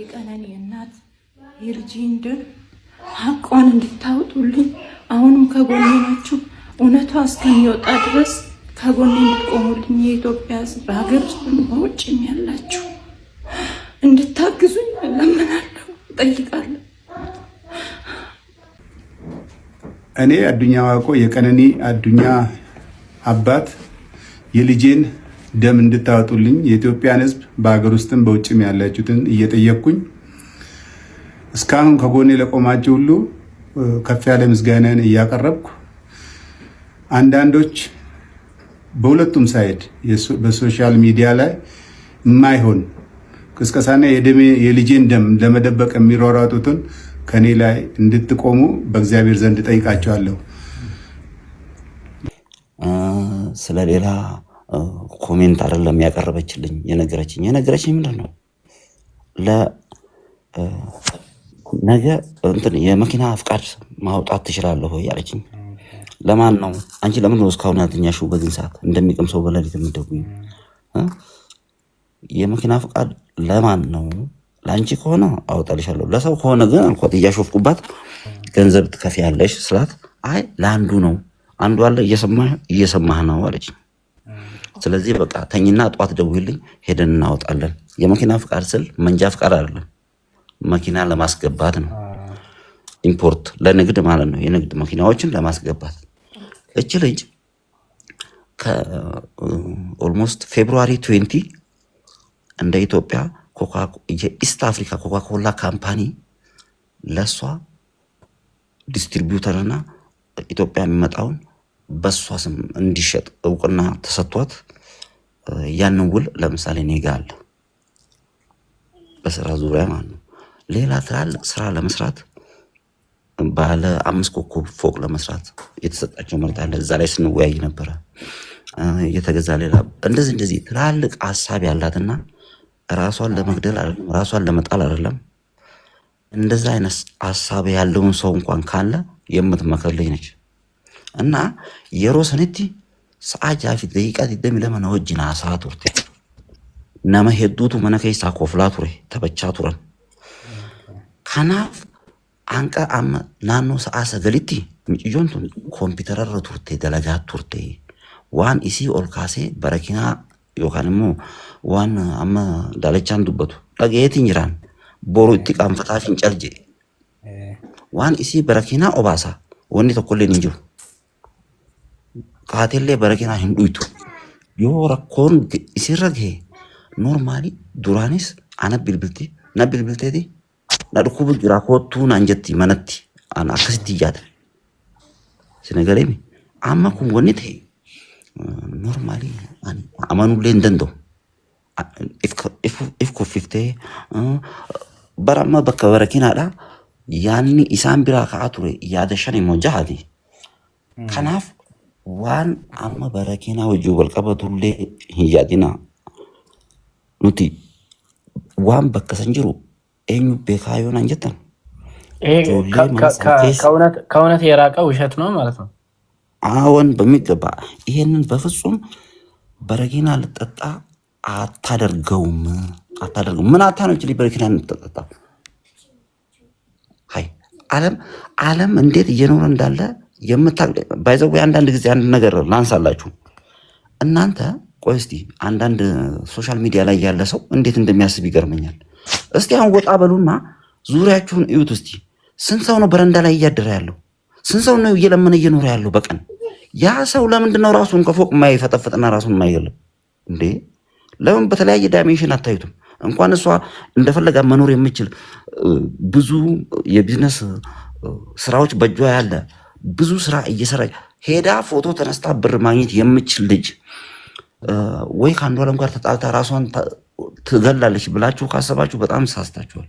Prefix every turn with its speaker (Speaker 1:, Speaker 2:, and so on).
Speaker 1: የቀነኒ እናት የልጄን ደም ሀቋን እንድታወጡልኝ አሁንም ከጎኔ ናችሁ። እውነቷ እስከሚወጣ ድረስ ከጎኔ እንድትቆሙልኝ የኢትዮጵያ ሕዝብ በሀገር ውስጥ በውጭም ያላችሁ እንድታግዙኝ እለምናለሁ፣ እጠይቃለሁ።
Speaker 2: እኔ አዱኛ ዋቆ የቀነኒ አዱኛ አባት የልጄን ደም እንድታወጡልኝ የኢትዮጵያን ሕዝብ በሀገር ውስጥም በውጭም ያላችሁትን እየጠየቅኩኝ እስካሁን ከጎኔ ለቆማችሁ ሁሉ ከፍ ያለ ምስጋናን እያቀረብኩ አንዳንዶች በሁለቱም ሳይድ በሶሻል ሚዲያ ላይ የማይሆን ቅስቀሳና የልጄን ደም ለመደበቅ የሚሯሯጡትን ከኔ ላይ እንድትቆሙ በእግዚአብሔር ዘንድ ጠይቃቸዋለሁ።
Speaker 3: ስለሌላ ኮሜንት አይደለም ያቀረበችልኝ የነገረችኝ የነገረችኝ ምንድን ነው ለነገ እንትን የመኪና ፍቃድ ማውጣት ትችላለሁ ያለችኝ። ለማን ነው አንቺ? ለምን ነው እስካሁን ያልተኛሽው? በዚህ ሰዓት እንደሚቀም ሰው በለሊት የምትደውይው የመኪና ፍቃድ ለማን ነው? ለአንቺ ከሆነ አወጣልሻለሁ፣ ለሰው ከሆነ ግን አልኳት እያሾፍኩባት ገንዘብ ትከፍያለሽ ስላት፣ አይ ለአንዱ ነው አንዱ አለ እየሰማህ ነው አለችኝ። ስለዚህ በቃ ተኝና ጠዋት ደውልኝ፣ ሄደን እናወጣለን። የመኪና ፍቃድ ስል መንጃ ፍቃድ አይደለም፣ መኪና ለማስገባት ነው። ኢምፖርት ለንግድ ማለት ነው። የንግድ መኪናዎችን ለማስገባት እች ልጅ ከኦልሞስት ፌብሩዋሪ ትዌንቲ እንደ ኢትዮጵያ የኢስት አፍሪካ ኮካኮላ ካምፓኒ ለእሷ ዲስትሪቢዩተርና ኢትዮጵያ የሚመጣውን በእሷ ስም እንዲሸጥ እውቅና ተሰጥቷት ያንን ውል ለምሳሌ እኔ ጋ አለ በስራ ዙሪያ ማለት ነው። ሌላ ትላልቅ ስራ ለመስራት ባለ አምስት ኮከብ ፎቅ ለመስራት የተሰጣቸው መሬት አለ። እዛ ላይ ስንወያይ ነበረ። የተገዛ ሌላ እንደዚህ እንደዚህ ትላልቅ ሀሳብ ያላትና ራሷን ለመግደል አይደለም ራሷን ለመጣል አይደለም እንደዛ አይነት ሀሳብ ያለውን ሰው እንኳን ካለ የምትመክር ነች። Annaa yeroo sanatti sa'aa jaha fi daqiiqaa 22 na wajjin haasa'aa turte. Nama hedduutu mana keessaa kooflaa ture taphachaa turan. Kanaaf hanqa amma naannoo sa'aa sagalitti miciyyoon tun koompiterarra turte dalagaa turte. Waan isii ol kaasee barakinaa yookaan immoo waan amma daalachaan dubbatu dhagayeetiin jiraan boru itti qaanfataa fincal jedhe. Waan isii barakinaa obaasaa wanni tokkollee hin jiru. Kaatellee kanaa hin dhuytu. Yoo rakkoon isirra gahe normaalii duraanis ana bilbilti na bilbilteeti na dhukkubu jira koottuu naan jetti manatti ana akkasitti ijaata. Sina galeemi amma kun wanni ta'e noormaali amanullee hin danda'u. If kuffiftee bara amma bakka bara kanaadha yaanni isaan biraa ka'aa ture yaada shan immoo jahaati. Kanaaf. waan amma bara keenaa wajjii walqabatullee hin yaadina. Nuti waan bakka san jiru eenyu beekaa yoo naan jettan
Speaker 4: ከእውነት የራቀ ውሸት ነው ማለት ነው።
Speaker 3: አዎን በሚገባ ይሄንን በፍጹም በረኪና ልጠጣ አታደርገውም አታደርገውም። ምን አታኖች ላይ በረኪና ልጠጣ አለም አለም እንዴት እየኖረ እንዳለ የምታ ባይዘው አንዳንድ ጊዜ አንድ ነገር ላንሳላችሁ። እናንተ ቆይ እስቲ አንዳንድ ሶሻል ሚዲያ ላይ ያለ ሰው እንዴት እንደሚያስብ ይገርመኛል። እስቲ አሁን ወጣ በሉና ዙሪያችሁን እዩት እስቲ። ስንት ሰው ነው በረንዳ ላይ እያደረ ያለው? ስንት ሰው ነው እየለመነ እየኖረ ያለው በቀን? ያ ሰው ለምንድነው ራሱን ከፎቅ የማይፈጠፍጥና ራሱን ማይለም? እንዴ? ለምን በተለያየ ዳይሜንሽን አታዩትም? እንኳን እሷ እንደፈለጋ መኖር የምችል ብዙ የቢዝነስ ስራዎች በእጇ ያለ ብዙ ስራ እየሰራ ሄዳ ፎቶ ተነስታ ብር ማግኘት የምችል ልጅ ወይ አለም ጋር ተጣልታ ራሷን ትገላለች ብላችሁ ካሰባችሁ በጣም ሳስታችኋል።